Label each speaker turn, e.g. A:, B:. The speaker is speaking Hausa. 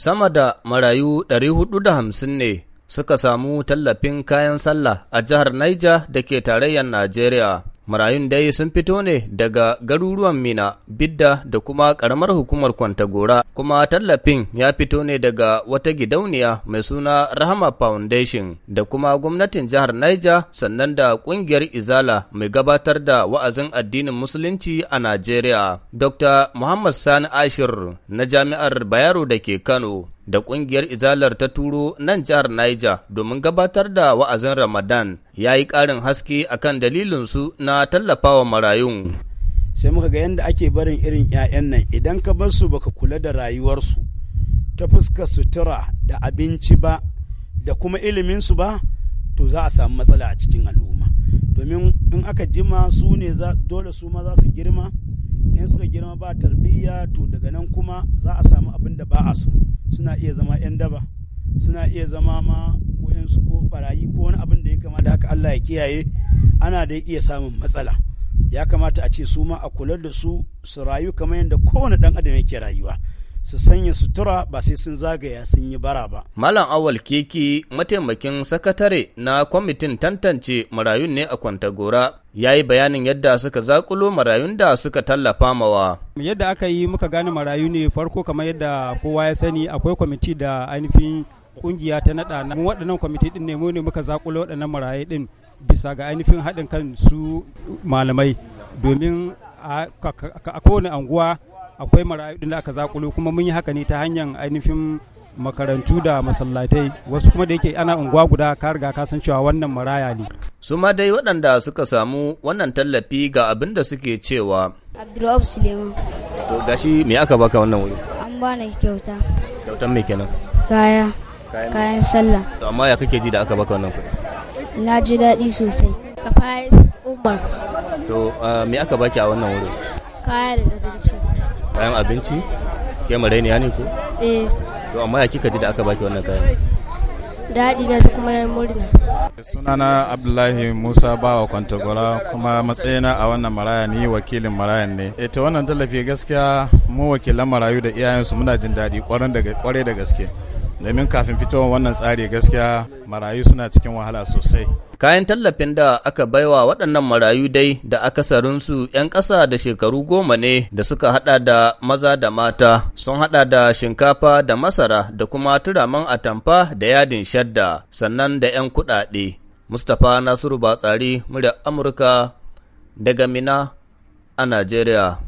A: sama da marayu ɗari da hamsin ne suka samu tallafin kayan sallah a jihar Niger da ke tarayyar Najeriya. marayun dai sun fito ne daga garuruwan mina bidda da kuma karamar hukumar kwantagora kuma tallafin ya fito ne daga wata gidauniya mai suna rahama foundation da kuma gwamnatin jihar niger sannan da kungiyar izala mai gabatar da wa'azin addinin musulunci a najeriya dr muhammad sani ashir na jami'ar bayero da ke kano da kungiyar Izalar ta turo nan jihar Niger domin gabatar da wa'azin Ramadan ya yi ƙarin haske akan su na tallafawa marayun.
B: Sai muka ga yadda ake barin irin 'ya'yan nan idan ka bar su baka kula da rayuwarsu ta fuskar sutura da abinci ba da kuma su ba to za a samu matsala a cikin al'umma domin in aka jima su ne dole su ma za su girma in suka girma ba tarbiyya to daga nan kuma za a samu abin da ba a so suna iya zama 'yan daba suna iya zama ma wayansu ko barayi ko wani abin da ya kamata haka Allah ya kiyaye ana da iya samun matsala ya kamata a ce su ma a kula da su su rayu kamar yadda kowane dan adam yake rayuwa su sanya sutura ba sai sun zagaya sun yi bara ba.
A: Malam Awal Kiki mataimakin sakatare na kwamitin tantance marayun ne a Kwantagora ya yi bayanin yadda suka zakulo marayun da suka tallafa mawa.
C: Yadda aka yi muka gane marayu ne farko kamar yadda kowa ya sani akwai kwamiti da ainihin kungiya ta naɗa na waɗannan kwamiti ɗin ne mu ne muka zakulo waɗannan marayu ɗin bisa ga ainihin haɗin kan su malamai domin a kowane anguwa akwai marayu da aka zakulo kuma mun yi haka ne ta hanyar ainihin makarantu da masallatai wasu kuma da yake ana unguwa guda ka riga ka san cewa wannan maraya ne
A: su ma dai waɗanda suka samu wannan tallafi ga abin da suke cewa Abdulrahman Suleiman to gashi me aka baka wannan wuri an bani kyauta kyautan me kenan kaya kayan sallah to amma ya kake ji da aka baka wannan kuɗi na ji daɗi sosai kafais umar to ah, me aka baki a wannan wuri
C: kaya da abinci
A: kayan abinci ke marainiya ne ko eh to amma ya kika ji da aka baki wannan kayan
C: daɗi na ji kuma na murna
A: sunana abdullahi musa bawa kwantagora kuma matsayina a wannan maraya ni wakilin maraya ne ita eh, wannan tallafi gaskiya mu wakilan marayu da iyayensu muna jin daɗi kwarai da gaske domin kafin fitowar wannan tsari gaskiya marayu suna cikin wahala sosai. Kayan tallafin da aka baiwa waɗannan marayu dai da akasarinsu 'yan ƙasa da shekaru goma ne da suka haɗa da maza da mata sun haɗa da shinkafa da masara da kuma turaman atamfa da yadin shadda sannan da 'yan kuɗaɗe. Mustapha Nasiru Batsari, murya Amurka daga Mina a Najeriya.